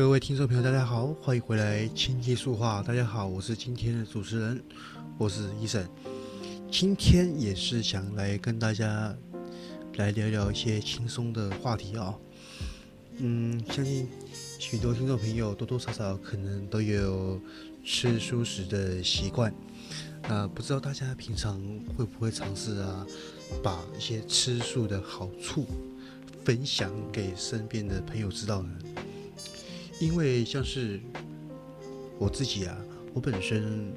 各位聽眾朋友，大家好，歡迎回來《清氣書畫》。大家好，我是今天的主持人，我是伊、e、森。今天也是想來跟大家來聊聊一些輕鬆的話題啊、哦。嗯，相信許多聽眾朋友多多少少可能都有吃素食的習慣啊、呃，不知道大家平常會不會嘗試啊，把一些吃素的好處分享給身邊的朋友知道呢？因為像是我自己啊，我本身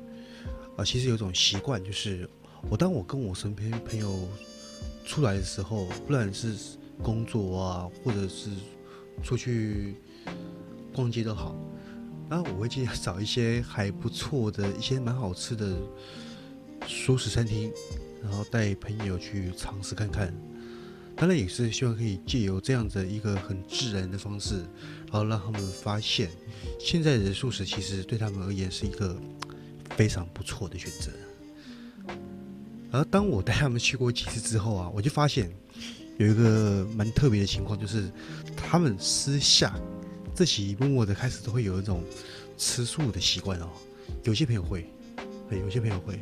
啊，其實有一種習慣，就是我當我跟我身邊朋友出來的時候，不管是工作啊，或者是出去逛街都好，然後我會盡量找一些還不錯的一些蠻好吃的蔬食餐廳，然後帶朋友去嘗試看看。當然也是希望可以借由這樣的一個很自然的方式，然後讓他們發現，現在吃素食其實對他們而言是一個非常不錯的選擇。而當我帶他們去過幾次之後啊，我就發現有一個蠻特別的情況，就是他們私下自己默默的開始都會有一種吃素的習慣哦。有些朋友會，對，有些朋友會，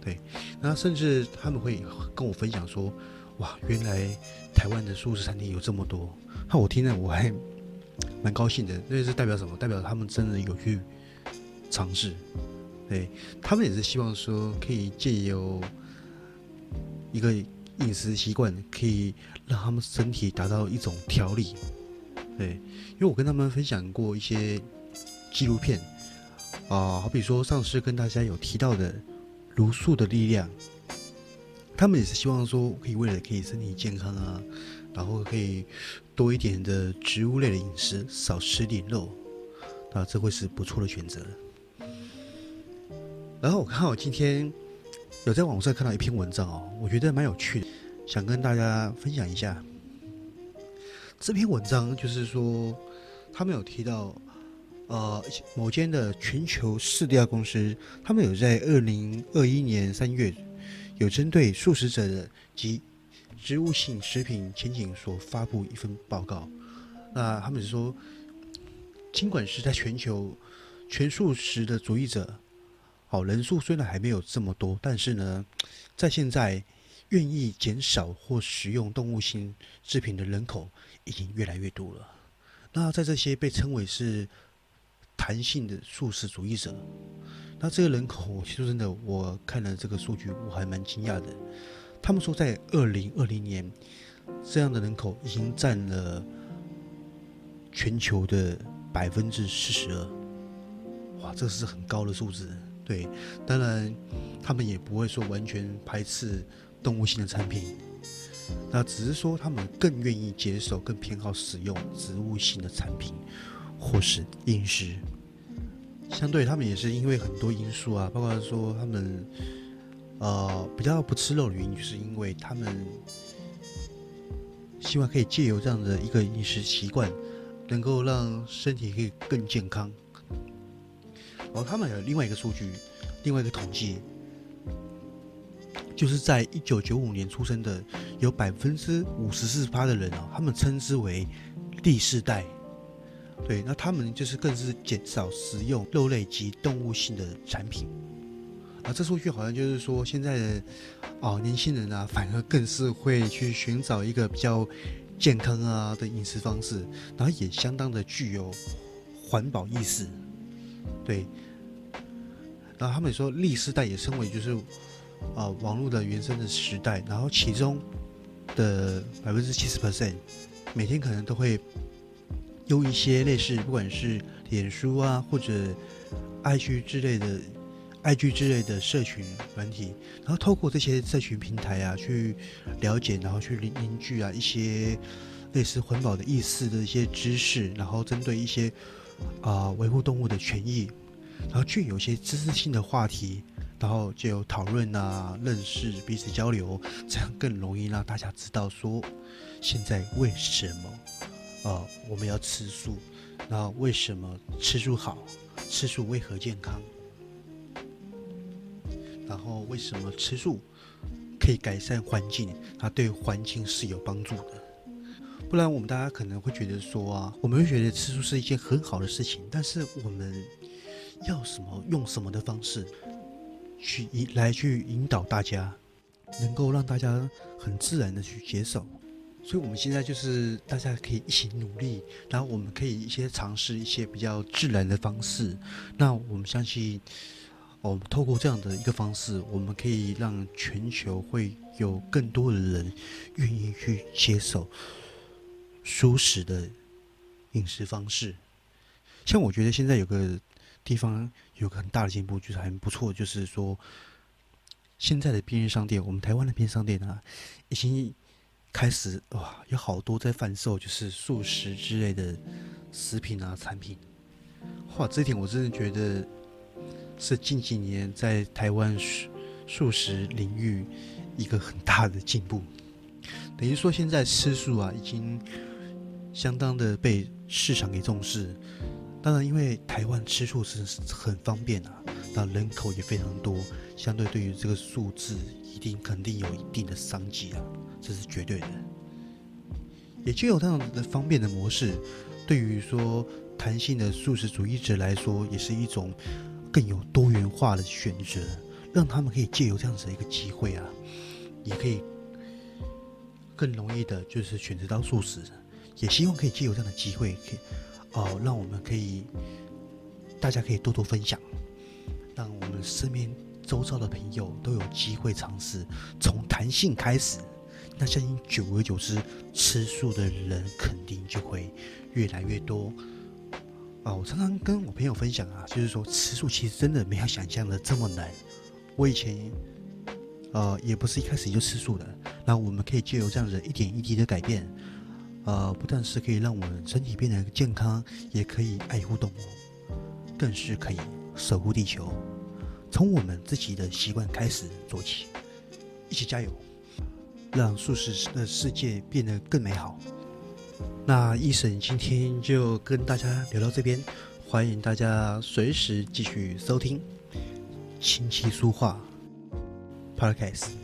對，那甚至他們會跟我分享說。哇，原來臺灣的素食餐廳有這麼多，那、啊、我聽了我還蠻高興的，那是代表什麼？代表他們真的有去嘗試，對，他們也是希望說可以借由一個飲食習慣，可以讓他們身體達到一種調理，對，因為我跟他們分享過一些紀錄片，啊、呃，好比說上次跟大家有提到的《茹素的力量》。他們也是希望說，可以為了可以身體健康啊，然後可以多一點的植物類的飲食，少吃點肉，那這會是不錯的選擇。然後我剛好今天有在網上看到一篇文章哦，我覺得蠻有趣的，想跟大家分享一下。這篇文章就是說，他們有提到呃某間的全球市調公司，他們有在二零二一年三月。有針對素食者的及植物性食品前景所發布一份報告，那他們說，儘管是在全球全素食的主義者，好、哦、人數雖然還沒有這麼多，但是呢，在現在願意減少或食用動物性製品的人口已經越來越多了。那在這些被稱為是彈性的素食主義者。那這個人口，說真的，我看了這個數據，我還蠻驚訝的。他們說，在二零二零年，這樣的人口已經佔了全球的百分之四十二。哇，這是很高的數字。對，當然，他們也不會說完全排斥動物性的產品，那只是說他們更願意接受、更偏好使用植物性的產品，或是飲食。相對他們也是因為很多因素啊，包括說他們呃比較不吃肉的原因，就是因為他們希望可以借由這樣的一個飲食習慣，能夠讓身體可以更健康。然、哦、後他們有另外一個數據，另外一個統計，就是在一九九五年出生的有百分之五十四八的人啊、哦，他們稱之為“第四代”。對，那他們就是更是減少食用肉類及動物性的產品，啊，這數據好像就是說現在的，的、呃、啊，年輕人啊反而更是會去尋找一個比較健康啊的飲食方式，然後也相當的具有環保意識，對，然後他們說 Z 世代也稱為就是，啊、呃，網絡的原生的時代，然後其中的百分之七十 percent 每天可能都會。用一些類似，不管是臉書啊，或者 IG 之類的，IG 之類的社群軟體，然後透過這些社群平台啊，去了解，然後去凝聚啊一些類似環保的意思的一些知識，然後針對一些啊維護動物的權益，然後具有一些知識性的話題，然後就有討論啊，認識彼此交流，這樣更容易讓大家知道說現在為什麼。呃、哦，我們要吃素，那為什麼吃素好？吃素為何健康？然後為什麼吃素可以改善環境？它對環境是有幫助的。不然我們大家可能會覺得說啊，我們會覺得吃素是一件很好的事情，但是我們要什麼用什麼的方式去引來去引導大家，能夠讓大家很自然地去接受。所以，我們現在就是大家可以一起努力，然後我們可以一些嘗試一些比較自然的方式。那我們相信，我們透過這樣的一個方式，我們可以讓全球會有更多的人願意去接受蔬食的飲食方式。像我覺得現在有個地方有個很大的進步，就是還不錯，就是說現在的便利商店，我們台灣的便利商店啊，已經。開始哇，有好多在販售，就是素食之類的食品啊產品。哇，這點我真的覺得是近幾年在台灣素食領域一個很大的進步。等於說現在吃素啊，已經相當的被市場給重視。當然，因為台灣吃素是很方便啊，那人口也非常多，相對對於這個數字，一定肯定有一定的商機啊。這是絕對的，也就有這樣子的方便的模式，對於說彈性的素食主義者來說，也是一種更有多元化的選擇，讓他們可以借由這樣子的一個機會啊，也可以更容易的，就是選擇到素食。也希望可以借由這樣的機會，可以哦，讓我們可以大家可以多多分享，讓我們身邊周遭的朋友都有機會嘗試，從彈性開始。那相信久而久之，吃素的人肯定就會越來越多。啊，我常常跟我朋友分享啊，就是說吃素其實真的沒有想象的這麼難。我以前，呃，也不是一開始就吃素的。那我們可以借由這樣的一點一滴的改變，呃，不但是可以讓我們身體變得健康，也可以愛護動物，更是可以守護地球。從我們自己的習慣開始做起，一起加油！讓素食的世界變得更美好。那 Eason 今天就跟大家聊到這邊，歡迎大家隨時繼續收聽琴棋書畫 Podcast。